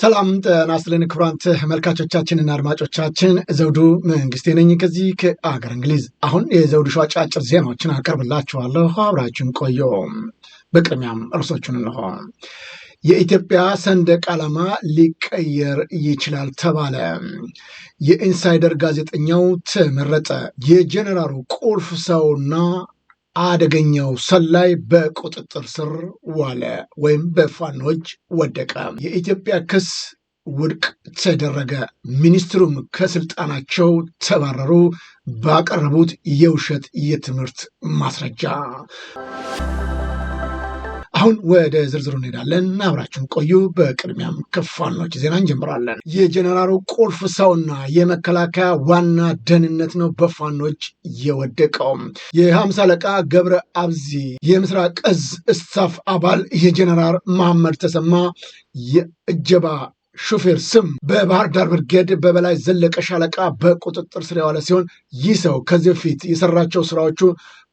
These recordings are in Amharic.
ሰላም ጤና ይስጥልን ክቡራን ተመልካቾቻችንና አድማጮቻችን ዘውዱ መንግስቴ ነኝ ከዚህ ከአገር እንግሊዝ። አሁን የዘውዱ ሾው አጫጭር ዜናዎችን አቀርብላችኋለሁ፣ አብራችን ቆዩ። በቅድሚያም እርሶቹን እንሆ። የኢትዮጵያ ሰንደቅ ዓላማ ሊቀየር ይችላል ተባለ። የኢንሳይደር ጋዜጠኛው ተመረጠ። የጀኔራሉ ቁልፍ ሰውና አደገኛው ሰላይ በቁጥጥር ስር ዋለ ወይም በፋኖች ወደቀ። የኢትዮጵያ ክስ ውድቅ ተደረገ። ሚኒስትሩም ከስልጣናቸው ተባረሩ ባቀረቡት የውሸት የትምህርት ማስረጃ አሁን ወደ ዝርዝሩ እንሄዳለን። አብራችሁን ቆዩ። በቅድሚያም ከፋኖች ዜና እንጀምራለን። የጀነራሉ ቁልፍ ሰውና የመከላከያ ዋና ደህንነት ነው በፋኖች የወደቀው። የሀምሳ አለቃ ገብረ አብዚ የምስራቅ እዝ እስታፍ አባል የጀነራል መሐመድ ተሰማ የእጀባ ሹፌር ስም በባህር ዳር ብርጌድ በበላይ ዘለቀ ሻለቃ በቁጥጥር ስር የዋለ ሲሆን ይህ ሰው ከዚህ በፊት የሰራቸው ስራዎቹ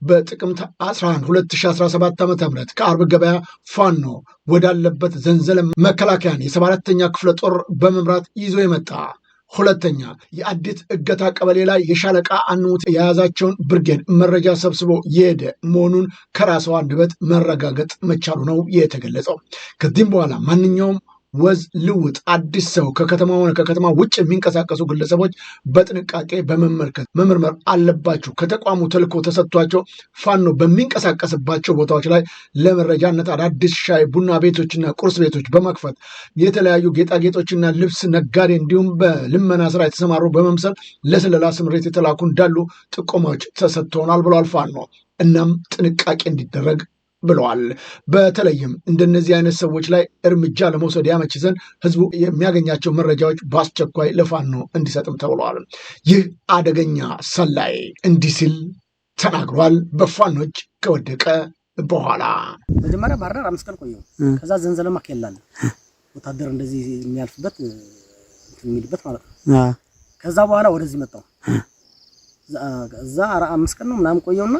በጥቅምት 11 2017 ዓ ም ከአርብ ገበያ ፋኖ ወዳለበት ዘንዘለ መከላከያን የ74ተኛ ክፍለ ጦር በመምራት ይዞ የመጣ ሁለተኛ የአዲት እገታ ቀበሌ ላይ የሻለቃ አንሙት የያዛቸውን ብርጌድ መረጃ ሰብስቦ የሄደ መሆኑን ከራሷ አንደበት መረጋገጥ መቻሉ ነው የተገለጸው። ከዚህም በኋላ ማንኛውም ወዝ ልውጥ አዲስ ሰው ከከተማ ሆነ ከከተማ ውጭ የሚንቀሳቀሱ ግለሰቦች በጥንቃቄ በመመልከት መመርመር አለባችሁ። ከተቋሙ ተልዕኮ ተሰጥቷቸው ፋኖ በሚንቀሳቀስባቸው ቦታዎች ላይ ለመረጃነት አዳዲስ ሻይ ቡና ቤቶችና ቁርስ ቤቶች በመክፈት የተለያዩ ጌጣጌጦችና ልብስ ነጋዴ እንዲሁም በልመና ስራ የተሰማሩ በመምሰል ለስለላ ስምሬት የተላኩ እንዳሉ ጥቆማዎች ተሰጥተውናል ብሏል ፋኖ። እናም ጥንቃቄ እንዲደረግ ብለዋል። በተለይም እንደነዚህ አይነት ሰዎች ላይ እርምጃ ለመውሰድ ያመች ዘንድ ህዝቡ የሚያገኛቸው መረጃዎች በአስቸኳይ ለፋኖ እንዲሰጥም ተብለዋል። ይህ አደገኛ ሰላይ እንዲህ ሲል ተናግሯል። በፋኖች ከወደቀ በኋላ መጀመሪያ ባህር ዳር አምስት ቀን ቆየሁ። ከዛ ዘንዘለ ኬላለ ወታደር እንደዚህ የሚያልፍበት የሚልበት ማለት ነው። ከዛ በኋላ ወደዚህ መጣሁ። እዛ አምስት ቀን ነው ምናምን ቆየውና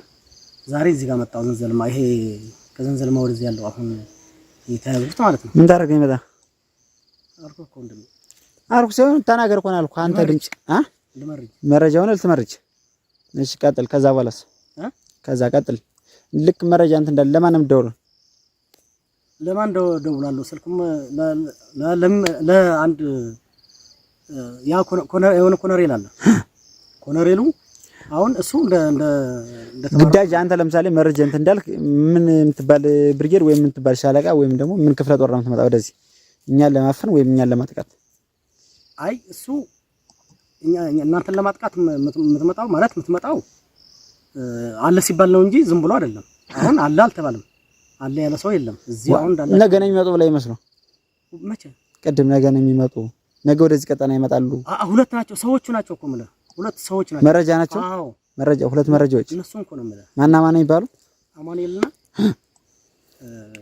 ዛሬ እዚህ ጋር መጣው ዘንዘልማ ይሄ ከዘንዘልማ ወደዚህ ያለው አሁን የተያዙት ማለት ነው። ምን ታደርገኝ መጣ አርኩ እኮ ወንድሜ አልኩህ። ሲሆን ተናገር እኮ ነው ያልኩህ። አንተ ድምጽ አ ልመርጅ መረጃውን ልትመርጅ እሺ፣ ቀጥል። ከዛ በኋላስ አ ከዛ ቀጥል። ልክ መረጃ እንትን እንዳለ ለማንም ደውል። ለማን ደውላለሁ? ስልኩም ለአንድ ያ የሆነ ኮነሬል አለ ኮነሬሉ አሁን እሱ ግዳጅ አንተ ለምሳሌ መረጃ እንትን እንዳልክ ምን የምትባል ብርጌድ ወይም የምትባል ሻለቃ ወይም ደግሞ ምን ክፍለ ጦር ነው የምትመጣ ወደዚህ እኛን ለማፈን ወይም እኛን ለማጥቃት? አይ እሱ እናንተን ለማጥቃት የምትመጣው ማለት የምትመጣው አለ ሲባል ነው እንጂ ዝም ብሎ አይደለም። አሁን አለ አልተባለም። አለ ያለ ሰው የለም እዚህ አሁን እንዳለ ነገ ነው የሚመጡ ብላ ይመስለው መቼ ቅድም ነገ ነው የሚመጡ ነገ ወደዚህ ቀጠና ይመጣሉ። ሁለት ናቸው ሰዎቹ ናቸው እኮ የምልህ ሁለት ሰዎች ናቸው። መረጃ ናቸው። አዎ መረጃ ሁለት መረጃዎች እነሱ እንኮ ነው ማለት ማና ማና ይባሉ? አማኑኤልና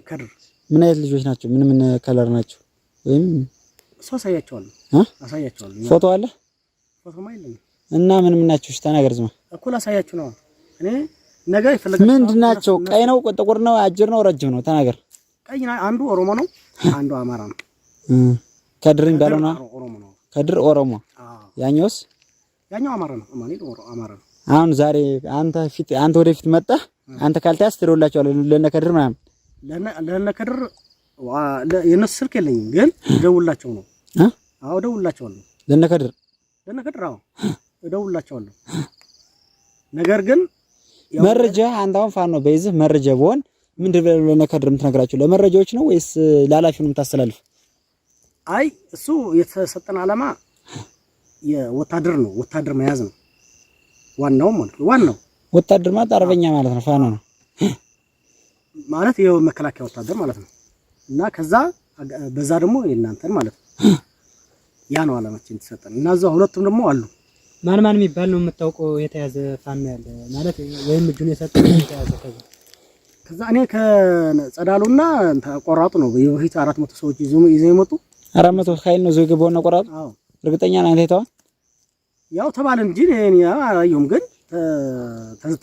ከድር ምን አይነት ልጆች ናቸው? ምን ምን ከለር ናቸው? ወይም እሱ አሳያቸዋለሁ እ አሳያቸዋለሁ ፎቶ አለ ፎቶ ማይለኝ እና ምን ምን ናቸው? እሺ ተናገር። ዝማ እኮ ላሳያችሁ ነው እኔ ነገ ይፈልጋል። ምንድን ናቸው? ቀይ ነው፣ ጥቁር ነው፣ አጅር ነው፣ ረጅም ነው? ተናገር። ቀይ ነው። አንዱ ኦሮሞ ነው፣ አንዱ አማራ ነው። ከድር የሚባለው ነው። ከድር ኦሮሞ። ያኛውስ ያኛው አማራ ነው። አማኔ አማራ ነው። አሁን ዛሬ አንተ ፊት አንተ ወደፊት መጣ አንተ ካልተያዝ ትደውልላቸዋለህ ለነከድር ምናምን ለነከድር የእነሱ ስልክ የለኝም ግን እደውልላቸው ነው። አዎ እደውልላቸዋለሁ። ለነከድር ለነከድር አዎ እደውልላቸዋለሁ። ነገር ግን መረጃ አንተ አሁን ፋኖ በይዝህ መረጃ በሆን ምንድን ብለህ ለነከድር የምትነግራቸው ለመረጃዎች ነው ወይስ ለኃላፊው ነው የምታስተላልፍ? አይ እሱ የተሰጠን አላማ። የወታደር ነው። ወታደር መያዝ ነው ዋናው ማለት ነው። ዋናው ወታደር ማለት አርበኛ ማለት ነው። ፋኖ ነው ማለት ይሄው መከላከያ ወታደር ማለት ነው። እና ከዛ በዛ ደግሞ የእናንተን ማለት ነው። ያ ነው አላማችን የተሰጠን እና እዛ ሁለቱም ደግሞ አሉ። ማን ማን የሚባል ነው የምታውቀው? የተያዘ ፋኖ ያለ ማለት ወይም እጁን የሰጠ የተያዘ ከዛ ከዛ እኔ ከጸዳሉና ተቆራጡ ነው የበፊት አራት መቶ ሰዎች ይዘው ይመጡ አራት መቶ ኃይል ነው ዘግቦና ቆራጡ እርግጠኛ ነህ አንተ ያው ተባለ እንጂ እኔ አላየሁም፣ ግን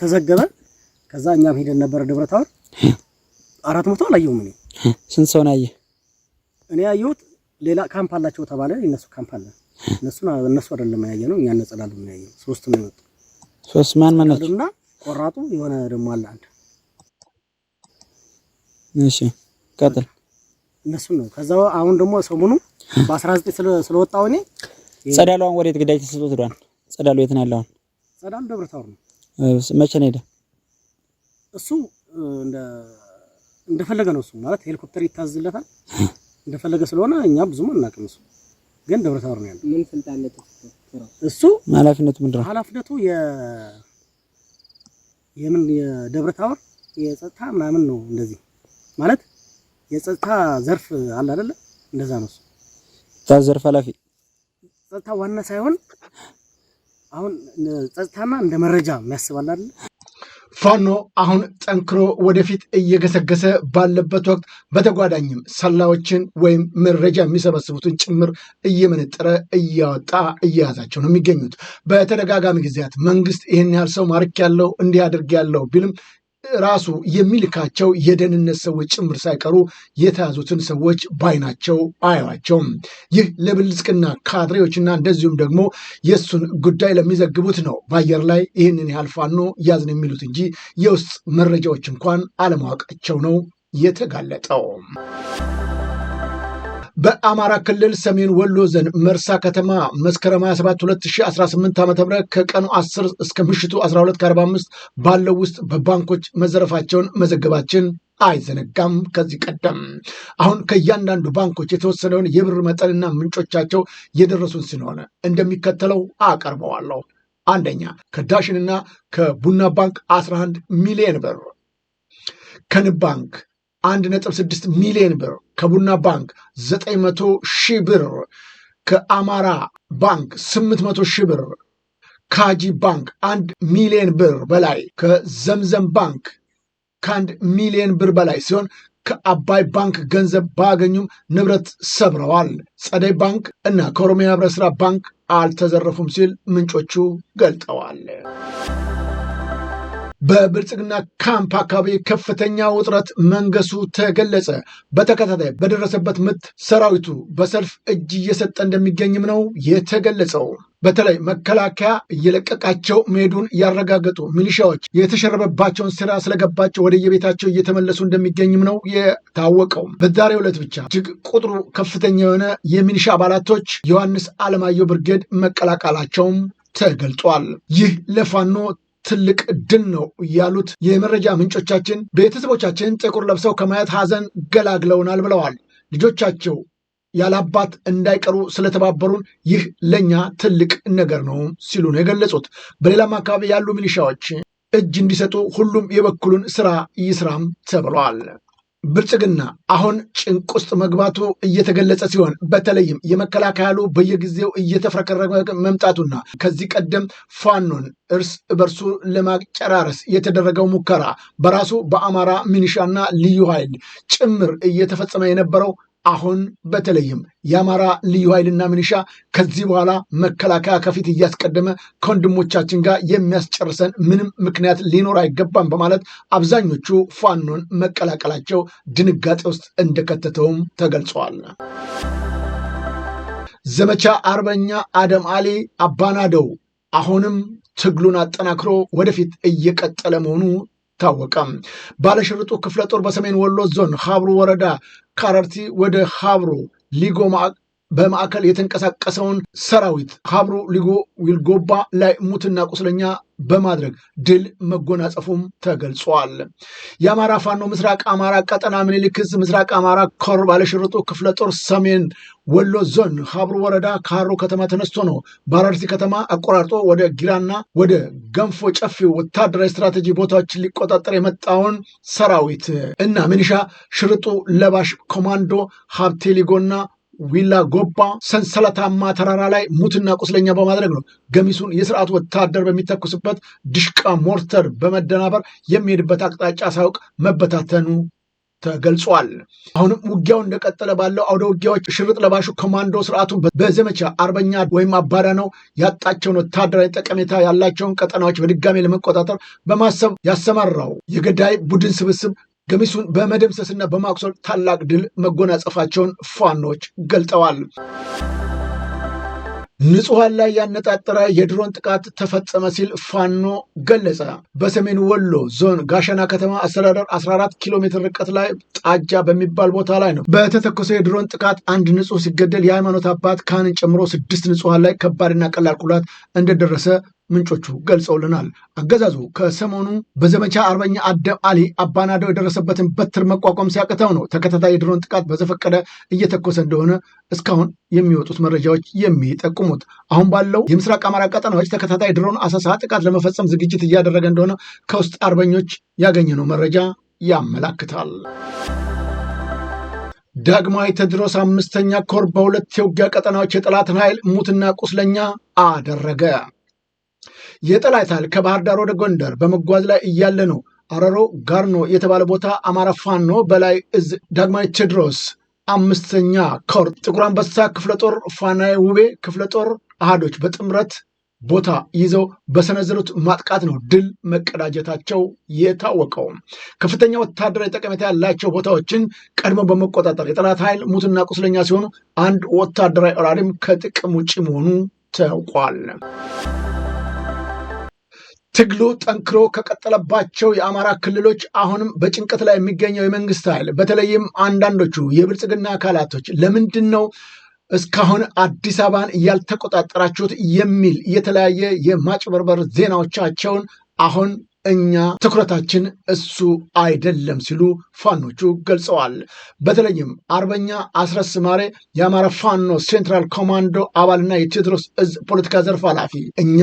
ተዘገበ። ከዛ እኛም ሄደን ነበር ደብረ ታቦር አራት መቶ አላየሁም። እኔ ስንት ሰው ነው ያየ? እኔ ያየሁት ሌላ ካምፕ አላቸው ተባለ። እነሱ ካምፕ አለ እነሱ እነሱ አይደለም ያየ ነው እኛ ነጸላሉ ነው ያየ። ሶስት ነው የመጡ ሶስት ማን ማን ነው? እና ቆራጡ የሆነ ደግሞ አለ አንድ። እሺ ቀጥል። እነሱ ነው። ከዛው አሁን ደግሞ ሰሞኑ በ19 ስለወጣው እኔ ጸዳሏን ወዴት ግዳጅ ተሰጥቶ ትዷል? ጸዳሉ የት ነው ያለውን? ጸዳሉ ደብረ ታቦር ነው። መቼ ነው ሄደ? እሱ እንደ እንደፈለገ ነው። እሱ ማለት ሄሊኮፕተር ይታዝለታል እንደፈለገ ስለሆነ እኛ ብዙም አናውቅም። እሱ ግን ደብረ ታቦር ነው ያለው። ምን ስልጣን ነው እሱ? ኃላፊነቱ ምንድን ነው? ኃላፊነቱ የ የምን የደብረ ታቦር የጸጥታ ምናምን ነው እንደዚህ ማለት የጸጥታ ዘርፍ አለ አይደለ? እንደዛ ነው እሱ። የጸጥታ ዘርፍ ኃላፊ ጸጥታ ዋና ሳይሆን አሁን ጸጥታና እንደ መረጃ የሚያስባላል። ፋኖ አሁን ጠንክሮ ወደፊት እየገሰገሰ ባለበት ወቅት በተጓዳኝም ሰላዎችን ወይም መረጃ የሚሰበስቡትን ጭምር እየመነጠረ እያወጣ እየያዛቸው ነው የሚገኙት። በተደጋጋሚ ጊዜያት መንግስት ይህን ያህል ሰው ማርክ ያለው እንዲህ አድርግ ያለው ቢልም ራሱ የሚልካቸው የደህንነት ሰዎች ጭምር ሳይቀሩ የተያዙትን ሰዎች ባይናቸው አያዋቸውም። ይህ ለብልጽግና ካድሬዎችና እንደዚሁም ደግሞ የእሱን ጉዳይ ለሚዘግቡት ነው በአየር ላይ ይህንን ያህል ፋኖ ያዝን የሚሉት እንጂ የውስጥ መረጃዎች እንኳን አለማወቃቸው ነው የተጋለጠው። በአማራ ክልል ሰሜን ወሎ ዞን መርሳ ከተማ መስከረም 27 2018 ዓ ም ከቀኑ 10 እስከ ምሽቱ 12፡45 ባለው ውስጥ በባንኮች መዘረፋቸውን መዘገባችን አይዘነጋም። ከዚህ ቀደም አሁን ከእያንዳንዱ ባንኮች የተወሰነውን የብር መጠንና ምንጮቻቸው የደረሱን ስለሆነ እንደሚከተለው አቀርበዋለሁ። አንደኛ ከዳሽንና ከቡና ባንክ 11 ሚሊዮን ብር ከንብ ባንክ አንድ ነጥብ ስድስት ሚሊዮን ብር ከቡና ባንክ ዘጠኝ መቶ ሺ ብር ከአማራ ባንክ ስምንት መቶ ሺህ ብር ከአጂ ባንክ አንድ ሚሊዮን ብር በላይ ከዘምዘም ባንክ ከአንድ ሚሊዮን ብር በላይ ሲሆን ከአባይ ባንክ ገንዘብ ባያገኙም ንብረት ሰብረዋል። ጸደይ ባንክ እና ከኦሮሚያ ህብረት ስራ ባንክ አልተዘረፉም ሲል ምንጮቹ ገልጠዋል። በብልጽግና ካምፕ አካባቢ ከፍተኛ ውጥረት መንገሱ ተገለጸ። በተከታታይ በደረሰበት ምት ሰራዊቱ በሰልፍ እጅ እየሰጠ እንደሚገኝም ነው የተገለጸው። በተለይ መከላከያ እየለቀቃቸው መሄዱን ያረጋገጡ ሚሊሻዎች የተሸረበባቸውን ስራ ስለገባቸው ወደየቤታቸው እየተመለሱ እንደሚገኝም ነው የታወቀው። በዛሬ ዕለት ብቻ እጅግ ቁጥሩ ከፍተኛ የሆነ የሚሊሻ አባላቶች ዮሐንስ አለማየሁ ብርጌድ መቀላቀላቸውም ተገልጧል። ይህ ለፋኖ ትልቅ ድል ነው ያሉት የመረጃ ምንጮቻችን ቤተሰቦቻችን ጥቁር ለብሰው ከማየት ሀዘን ገላግለውናል ብለዋል። ልጆቻቸው ያላባት እንዳይቀሩ ስለተባበሩን ይህ ለእኛ ትልቅ ነገር ነው ሲሉ ነው የገለጹት። በሌላም አካባቢ ያሉ ሚሊሻዎች እጅ እንዲሰጡ ሁሉም የበኩሉን ስራ ይስራም ተብሏል። ብልጽግና አሁን ጭንቅ ውስጥ መግባቱ እየተገለጸ ሲሆን በተለይም የመከላከያ ኃይሉ በየጊዜው እየተፍረከረከ መምጣቱና ከዚህ ቀደም ፋኖን እርስ በርሱ ለማጨራረስ የተደረገው ሙከራ በራሱ በአማራ ሚኒሻና ልዩ ኃይል ጭምር እየተፈጸመ የነበረው አሁን በተለይም የአማራ ልዩ ኃይልና ሚኒሻ ከዚህ በኋላ መከላከያ ከፊት እያስቀደመ ከወንድሞቻችን ጋር የሚያስጨርሰን ምንም ምክንያት ሊኖር አይገባም በማለት አብዛኞቹ ፋኖን መቀላቀላቸው ድንጋጤ ውስጥ እንደከተተውም ተገልጸዋል። ዘመቻ አርበኛ አደም አሊ አባናደው አሁንም ትግሉን አጠናክሮ ወደፊት እየቀጠለ መሆኑ ታወቀ ባለሽርጡ ክፍለ ጦር በሰሜን ወሎ ዞን ሀብሩ ወረዳ ካረርቲ ወደ ሀብሩ ሊጎማ በማዕከል የተንቀሳቀሰውን ሰራዊት ሀብሮ ሊጎ ዊልጎባ ላይ ሙትና ቁስለኛ በማድረግ ድል መጎናጸፉም ተገልጿል። የአማራ ፋኖ ምስራቅ አማራ ቀጠና ምኒልክ ምስራቅ አማራ ኮር ባለሽርጡ ክፍለ ጦር ሰሜን ወሎ ዞን ሀብሮ ወረዳ ከሀሮ ከተማ ተነስቶ ነው በአራርሲ ከተማ አቆራርጦ ወደ ጊራና ወደ ገንፎ ጨፌ ወታደራዊ ስትራቴጂ ቦታዎችን ሊቆጣጠር የመጣውን ሰራዊት እና ሚኒሻ ሽርጡ ለባሽ ኮማንዶ ሀብቴ ሊጎና ዊላ ጎባ ሰንሰለታማ ተራራ ላይ ሙትና ቁስለኛ በማድረግ ነው። ገሚሱን የስርዓቱ ወታደር በሚተኩስበት ድሽቃ ሞርተር በመደናበር የሚሄድበት አቅጣጫ ሳያውቅ መበታተኑ ተገልጿል። አሁንም ውጊያው እንደቀጠለ ባለው አውደ ውጊያዎች ሽርጥ ለባሹ ኮማንዶ ስርዓቱን በዘመቻ አርበኛ ወይም አባዳ ነው ያጣቸውን ወታደራዊ ጠቀሜታ ያላቸውን ቀጠናዎች በድጋሚ ለመቆጣጠር በማሰብ ያሰማራው የገዳይ ቡድን ስብስብ ገሚሱን በመደምሰስና በማቁሰል ታላቅ ድል መጎናጸፋቸውን ፋኖች ገልጠዋል። ንጹሐን ላይ ያነጣጠረ የድሮን ጥቃት ተፈጸመ ሲል ፋኖ ገለጸ። በሰሜን ወሎ ዞን ጋሸና ከተማ አስተዳደር 14 ኪሎ ሜትር ርቀት ላይ ጣጃ በሚባል ቦታ ላይ ነው በተተኮሰ የድሮን ጥቃት አንድ ንጹህ ሲገደል የሃይማኖት አባት ካህንን ጨምሮ ስድስት ንጹሐን ላይ ከባድና ቀላል ጉዳት እንደደረሰ ምንጮቹ ገልጸውልናል። አገዛዙ ከሰሞኑ በዘመቻ አርበኛ አደም አሊ አባናደው የደረሰበትን በትር መቋቋም ሲያቅተው ነው ተከታታይ የድሮን ጥቃት በዘፈቀደ እየተኮሰ እንደሆነ እስካሁን የሚወጡት መረጃዎች የሚጠቁሙት። አሁን ባለው የምስራቅ አማራ ቀጠናዎች ተከታታይ ድሮን አሰሳ ጥቃት ለመፈጸም ዝግጅት እያደረገ እንደሆነ ከውስጥ አርበኞች ያገኘነው መረጃ ያመላክታል። ዳግማዊ ቴዎድሮስ አምስተኛ ኮር በሁለት የውጊያ ቀጠናዎች የጠላትን ኃይል ሙትና ቁስለኛ አደረገ። የጠላት ኃይል ከባህር ዳር ወደ ጎንደር በመጓዝ ላይ እያለ ነው አረሮ ጋርኖ የተባለ ቦታ አማራ ፋኖ በላይ እዝ ዳግማዊ ቴዎድሮስ አምስተኛ ኮር ጥቁር አንበሳ ክፍለ ጦር ፋናይ ውቤ ክፍለ ጦር አህዶች በጥምረት ቦታ ይዘው በሰነዘሩት ማጥቃት ነው ድል መቀዳጀታቸው የታወቀው። ከፍተኛ ወታደራዊ ጠቀሜታ ያላቸው ቦታዎችን ቀድሞ በመቆጣጠር የጠላት ኃይል ሙትና ቁስለኛ ሲሆኑ፣ አንድ ወታደራዊ ኦራሪም ከጥቅም ውጭ መሆኑ ታውቋል። ትግሉ ጠንክሮ ከቀጠለባቸው የአማራ ክልሎች አሁንም በጭንቀት ላይ የሚገኘው የመንግስት ኃይል በተለይም አንዳንዶቹ የብልጽግና አካላቶች ለምንድን ነው እስካሁን አዲስ አበባን ያልተቆጣጠራችሁት የሚል የተለያየ የማጭበርበር ዜናዎቻቸውን አሁን እኛ ትኩረታችን እሱ አይደለም ሲሉ ፋኖቹ ገልጸዋል። በተለይም አርበኛ አስረስ ማሬ የአማራ ፋኖ ሴንትራል ኮማንዶ አባልና የቴዎድሮስ እዝ ፖለቲካ ዘርፍ ኃላፊ እኛ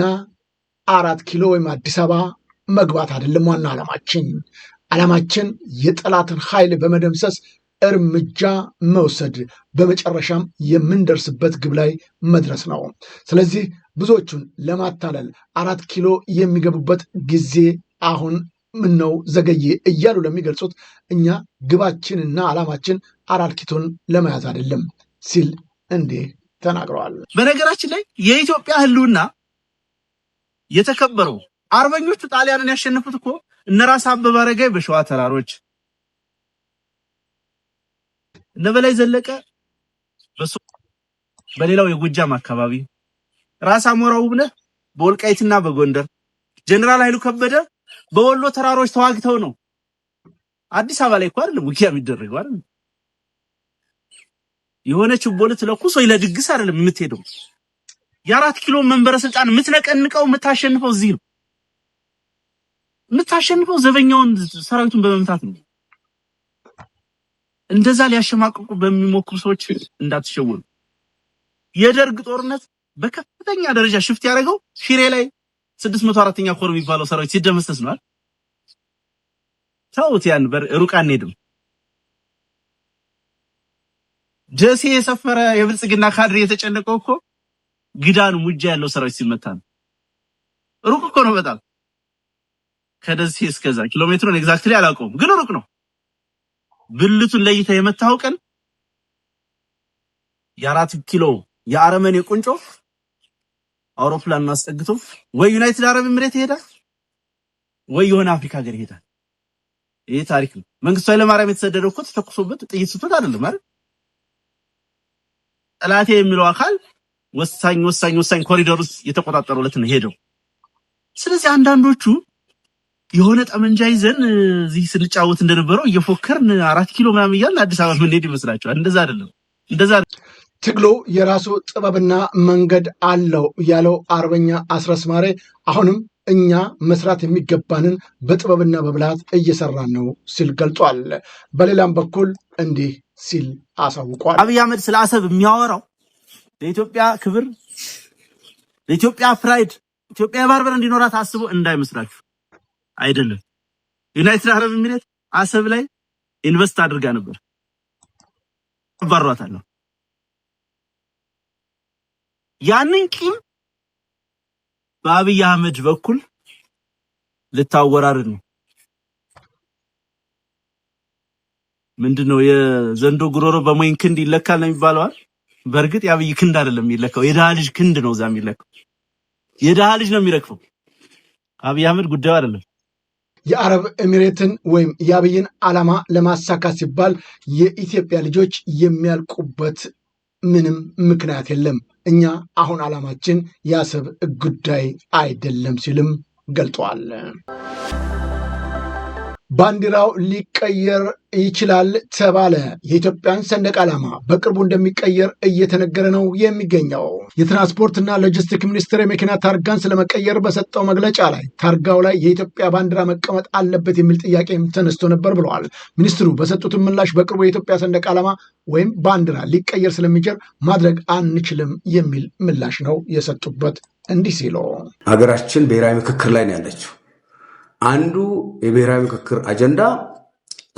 አራት ኪሎ ወይም አዲስ አበባ መግባት አይደለም ዋና ዓላማችን። ዓላማችን የጠላትን ኃይል በመደምሰስ እርምጃ መውሰድ፣ በመጨረሻም የምንደርስበት ግብ ላይ መድረስ ነው። ስለዚህ ብዙዎቹን ለማታለል አራት ኪሎ የሚገቡበት ጊዜ አሁን ምን ነው ዘገየ እያሉ ለሚገልጹት እኛ ግባችንና ዓላማችን አራት ኪሎን ለመያዝ አይደለም ሲል እንዲህ ተናግረዋል። በነገራችን ላይ የኢትዮጵያ ሕልውና የተከበረው አርበኞቹ ጣሊያንን ያሸነፉት እኮ እነ ራስ አበበ አረጋይ በሸዋ ተራሮች እነ በላይ ዘለቀ በሌላው የጎጃም አካባቢ ራስ አሞራው ውብነህ በወልቃይትና በጎንደር ጀነራል ኃይሉ ከበደ በወሎ ተራሮች ተዋግተው ነው። አዲስ አበባ ላይ እኮ አይደለም ውጊያ የሚደረገው አይደለም። የሆነ ችቦ ልትለኩስ ወይ ለድግስ አይደለም የምትሄደው። የአራት ኪሎ መንበረ ስልጣን የምትነቀንቀው የምታሸንፈው እዚህ ነው። የምታሸንፈው ዘበኛውን ሰራዊቱን በመምታት ነው። እንደዛ ሊያሸማቅቁ በሚሞክሩ ሰዎች እንዳትሸወኑ። የደርግ ጦርነት በከፍተኛ ደረጃ ሽፍት ያደረገው ሽሬ ላይ ስድስት መቶ አራተኛ ኮር የሚባለው ሰራዊት ሲደመሰስ ነዋል። ተውት፣ ያን ሩቅ አንሄድም። ደሴ የሰፈረ የብልጽግና ካድሬ የተጨነቀው እኮ ግዳን ሙጃ ያለው ሰራዊት ሲመታ ነው። ሩቅ እኮ ነው በጣም ከደሴ እስከዛ ኪሎ ሜትሩን ኤግዛክትሊ አላውቀውም፣ ግን ሩቅ ነው። ብልቱን ለይተህ የመታው ቀን የአራት ኪሎ የአረመኔ ቁንጮ አውሮፕላን ማስጠግቶ ወይ ዩናይትድ አረብ ኤምሬት ይሄዳል ወይ የሆነ አፍሪካ ሀገር ይሄዳል። ይህ ታሪክ ነው። መንግስቱ ኃይለማርያም የተሰደደው እኮ ተተኩሶበት ጥይት ስቶት አይደለም አይደል? ጠላቴ የሚለው አካል ወሳኝ ወሳኝ ወሳኝ ኮሪደር ውስጥ የተቆጣጠሩለትን ሄደው። ስለዚህ አንዳንዶቹ የሆነ ጠመንጃ ይዘን እዚህ ስንጫወት እንደነበረው እየፎከርን አራት ኪሎ ምናምን እያልን አዲስ አበባ ምንሄድ ይመስላቸዋል። እንደዛ አይደለም። እንደዛ ትግሎ የራሱ ጥበብና መንገድ አለው ያለው አርበኛ አስረስ ማሬ አሁንም እኛ መስራት የሚገባንን በጥበብና በብልሃት እየሰራን ነው ሲል ገልጿል። በሌላም በኩል እንዲህ ሲል አሳውቋል። አብይ አህመድ ስለ አሰብ የሚያወራው ለኢትዮጵያ ክብር፣ ለኢትዮጵያ ፕራይድ፣ ኢትዮጵያ የባህር በር እንዲኖራት አስቦ እንዳይመስላችሁ አይደለም። ዩናይትድ አረብ ኤሚሬት አሰብ ላይ ኢንቨስት አድርጋ ነበር። አባሯታለሁ። ያንን ቂም በአብይ አህመድ በኩል ልታወራር? ነው። ምንድነው የዘንዶ ጉሮሮ በሞይን ክንድ ይለካል ነው የሚባለዋል። በእርግጥ የአብይ ክንድ አይደለም የሚለካው፣ የድሃ ልጅ ክንድ ነው እዛ የሚለካው። የድሃ ልጅ ነው የሚረግፈው። አብይ አህመድ ጉዳዩ አይደለም። የአረብ ኤሚሬትን ወይም የአብይን ዓላማ ለማሳካት ሲባል የኢትዮጵያ ልጆች የሚያልቁበት ምንም ምክንያት የለም። እኛ አሁን ዓላማችን የአሰብ ጉዳይ አይደለም ሲልም ገልጠዋል። ባንዲራው ሊቀየር ይችላል ተባለ። የኢትዮጵያን ሰንደቅ ዓላማ በቅርቡ እንደሚቀየር እየተነገረ ነው የሚገኘው። የትራንስፖርትና ሎጂስቲክ ሚኒስቴር የመኪና ታርጋን ስለመቀየር በሰጠው መግለጫ ላይ ታርጋው ላይ የኢትዮጵያ ባንዲራ መቀመጥ አለበት የሚል ጥያቄም ተነስቶ ነበር ብለዋል። ሚኒስትሩ በሰጡት ምላሽ በቅርቡ የኢትዮጵያ ሰንደቅ ዓላማ ወይም ባንዲራ ሊቀየር ስለሚችል ማድረግ አንችልም የሚል ምላሽ ነው የሰጡበት። እንዲህ ሲሉ ሀገራችን ብሔራዊ ምክክር ላይ ነው ያለችው አንዱ የብሔራዊ ምክክር አጀንዳ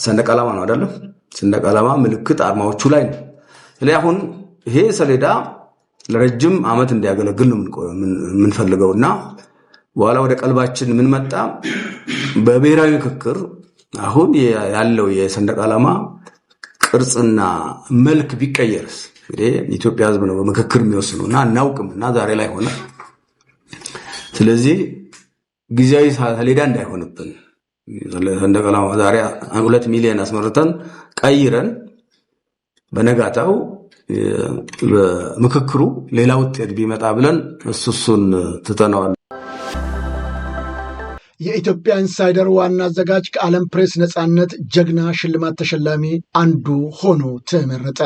ሰንደቅ ዓላማ ነው አይደለም? ሰንደቅ ዓላማ ምልክት አርማዎቹ ላይ ነው። ስለዚህ አሁን ይሄ ሰሌዳ ለረጅም ዓመት እንዲያገለግል ነው የምንፈልገው እና በኋላ ወደ ቀልባችን የምንመጣ በብሔራዊ ምክክር አሁን ያለው የሰንደቅ ዓላማ ቅርጽና መልክ ቢቀየርስ? እንግዲህ ኢትዮጵያ ሕዝብ ነው በምክክር የሚወስኑ እና እናውቅም እና ዛሬ ላይ ሆነ ስለዚህ ጊዜያዊ ሰሌዳ እንዳይሆንብን ሰንደቅ ዛሬ ሁለት ሚሊዮን አስመርተን ቀይረን በነጋታው ምክክሩ ሌላ ውጤት ቢመጣ ብለን እሱሱን ትተነዋል። የኢትዮጵያ ኢንሳይደር ዋና አዘጋጅ ከዓለም ፕሬስ ነፃነት ጀግና ሽልማት ተሸላሚ አንዱ ሆኖ ተመረጠ።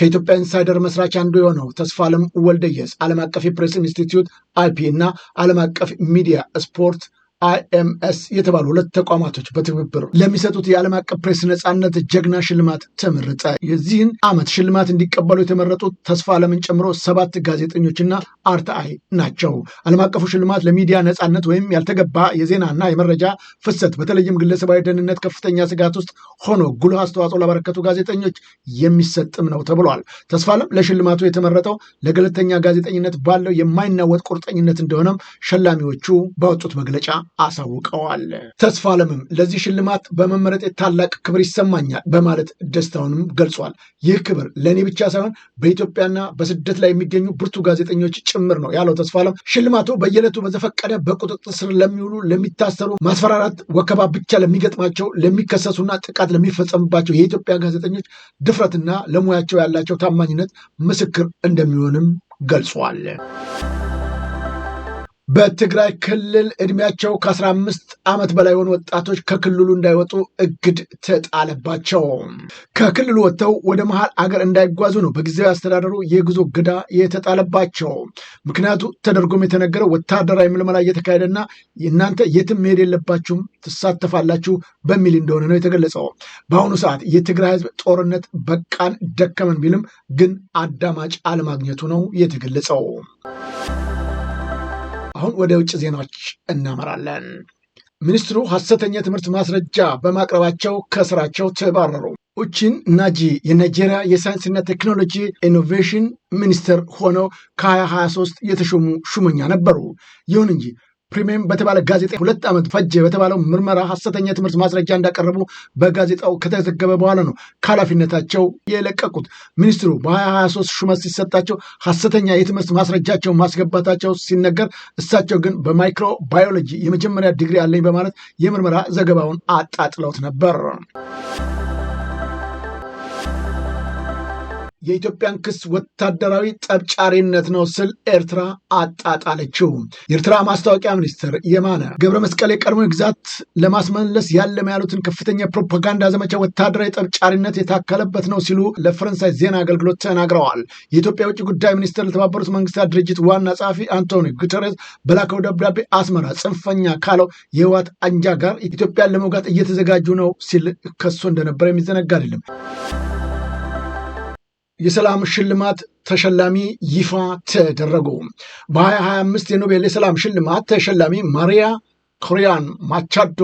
ከኢትዮጵያ ኢንሳይደር መስራች አንዱ የሆነው ተስፋ ለም ወልደየስ ዓለም አቀፍ የፕሬስ ኢንስቲትዩት አይፒ እና ዓለም አቀፍ ሚዲያ ስፖርት አይኤምኤስ የተባሉ ሁለት ተቋማቶች በትብብር ለሚሰጡት የዓለም አቀፍ ፕሬስ ነፃነት ጀግና ሽልማት ተመረጠ። የዚህን ዓመት ሽልማት እንዲቀበሉ የተመረጡት ተስፋ ዓለምን ጨምሮ ሰባት ጋዜጠኞችና አርትአይ ናቸው። ዓለም አቀፉ ሽልማት ለሚዲያ ነፃነት ወይም ያልተገባ የዜናና የመረጃ ፍሰት በተለይም ግለሰባዊ ደህንነት ከፍተኛ ስጋት ውስጥ ሆኖ ጉልህ አስተዋጽኦ ላበረከቱ ጋዜጠኞች የሚሰጥም ነው ተብሏል። ተስፋ ዓለም ለሽልማቱ የተመረጠው ለገለልተኛ ጋዜጠኝነት ባለው የማይናወጥ ቁርጠኝነት እንደሆነም ሸላሚዎቹ ባወጡት መግለጫ አሳውቀዋል። ተስፋ አለምም ለዚህ ሽልማት በመመረጤ ታላቅ ክብር ይሰማኛል በማለት ደስታውንም ገልጿል። ይህ ክብር ለእኔ ብቻ ሳይሆን በኢትዮጵያና በስደት ላይ የሚገኙ ብርቱ ጋዜጠኞች ጭምር ነው ያለው ተስፋ አለም ሽልማቱ በየዕለቱ በዘፈቀደ በቁጥጥር ስር ለሚውሉ፣ ለሚታሰሩ፣ ማስፈራራት፣ ወከባ ብቻ ለሚገጥማቸው፣ ለሚከሰሱና ጥቃት ለሚፈጸምባቸው የኢትዮጵያ ጋዜጠኞች ድፍረትና ለሙያቸው ያላቸው ታማኝነት ምስክር እንደሚሆንም ገልጿል። በትግራይ ክልል እድሜያቸው ከ15 ዓመት በላይ የሆኑ ወጣቶች ከክልሉ እንዳይወጡ እግድ ተጣለባቸው። ከክልሉ ወጥተው ወደ መሀል አገር እንዳይጓዙ ነው በጊዜያዊ አስተዳደሩ የጉዞ እገዳ የተጣለባቸው። ምክንያቱ ተደርጎም የተነገረው ወታደራዊ ምልመላ እየተካሄደና እናንተ የትም መሄድ የለባችሁም ትሳተፋላችሁ በሚል እንደሆነ ነው የተገለጸው። በአሁኑ ሰዓት የትግራይ ህዝብ ጦርነት በቃን ደከመን ቢልም ግን አዳማጭ አለማግኘቱ ነው የተገለጸው። አሁን ወደ ውጭ ዜናዎች እናመራለን። ሚኒስትሩ ሐሰተኛ ትምህርት ማስረጃ በማቅረባቸው ከስራቸው ተባረሩ። ኡቺን ናጂ የናይጄሪያ የሳይንስና ቴክኖሎጂ ኢኖቬሽን ሚኒስትር ሆነው ከ2023 የተሾሙ ሹመኛ ነበሩ። ይሁን እንጂ ፕሪሚየም በተባለ ጋዜጣ ሁለት ዓመት ፈጀ በተባለው ምርመራ ሀሰተኛ የትምህርት ማስረጃ እንዳቀረቡ በጋዜጣው ከተዘገበ በኋላ ነው ከኃላፊነታቸው የለቀቁት። ሚኒስትሩ በ2023 ሹመት ሲሰጣቸው ሀሰተኛ የትምህርት ማስረጃቸው ማስገባታቸው ሲነገር፣ እሳቸው ግን በማይክሮ ባዮሎጂ የመጀመሪያ ዲግሪ አለኝ በማለት የምርመራ ዘገባውን አጣጥለውት ነበር። የኢትዮጵያን ክስ ወታደራዊ ጠብጫሪነት ነው ስል ኤርትራ አጣጣለችው። የኤርትራ ማስታወቂያ ሚኒስትር የማነ ገብረ መስቀል የቀድሞ ግዛት ለማስመለስ ያለመ ያሉትን ከፍተኛ የፕሮፓጋንዳ ዘመቻ ወታደራዊ ጠብጫሪነት የታከለበት ነው ሲሉ ለፈረንሳይ ዜና አገልግሎት ተናግረዋል። የኢትዮጵያ የውጭ ጉዳይ ሚኒስትር ለተባበሩት መንግስታት ድርጅት ዋና ጸሐፊ አንቶኒ ጉተሬስ በላከው ደብዳቤ አስመራ ጽንፈኛ ካለው የህወሓት አንጃ ጋር ኢትዮጵያን ለመውጋት እየተዘጋጁ ነው ሲል ከሶ እንደነበረ የሚዘነጋ አይደለም። የሰላም ሽልማት ተሸላሚ ይፋ ተደረጉ። በ2025 የኖቤል የሰላም ሽልማት ተሸላሚ ማሪያ ኮሪያን ማቻዶ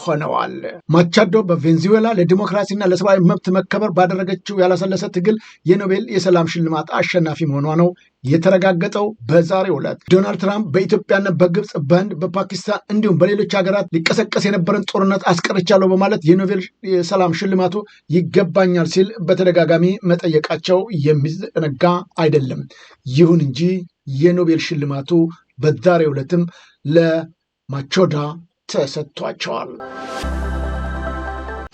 ሆነዋል። ማቻዶ በቬንዙዌላ ለዲሞክራሲና ለሰብአዊ መብት መከበር ባደረገችው ያላሰለሰ ትግል የኖቤል የሰላም ሽልማት አሸናፊ መሆኗ ነው የተረጋገጠው በዛሬው ዕለት። ዶናልድ ትራምፕ በኢትዮጵያና በግብፅ በህንድ፣ በፓኪስታን እንዲሁም በሌሎች ሀገራት ሊቀሰቀስ የነበረን ጦርነት አስቀርቻለሁ በማለት የኖቤል የሰላም ሽልማቱ ይገባኛል ሲል በተደጋጋሚ መጠየቃቸው የሚዘነጋ አይደለም። ይሁን እንጂ የኖቤል ሽልማቱ በዛሬው ዕለትም ለማቾዳ ተሰጥቷቸዋል።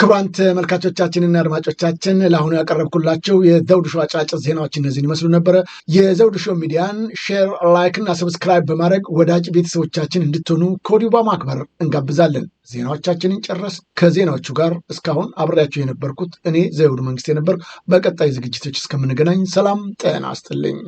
ክቡራን ተመልካቾቻችንና አድማጮቻችን ለአሁኑ ያቀረብኩላቸው የዘውድ ሾው አጫጭር ዜናዎች እነዚህን ይመስሉ ነበረ። የዘውድ ሾው ሚዲያን ሼር፣ ላይክና ሰብስክራይብ በማድረግ ወዳጅ ቤተሰቦቻችን እንድትሆኑ ከወዲሁ በማክበር እንጋብዛለን። ዜናዎቻችንን ጨረስ። ከዜናዎቹ ጋር እስካሁን አብሬያቸው የነበርኩት እኔ ዘውዱ መንግስት የነበር። በቀጣይ ዝግጅቶች እስከምንገናኝ ሰላም ጤና አስጥልኝ።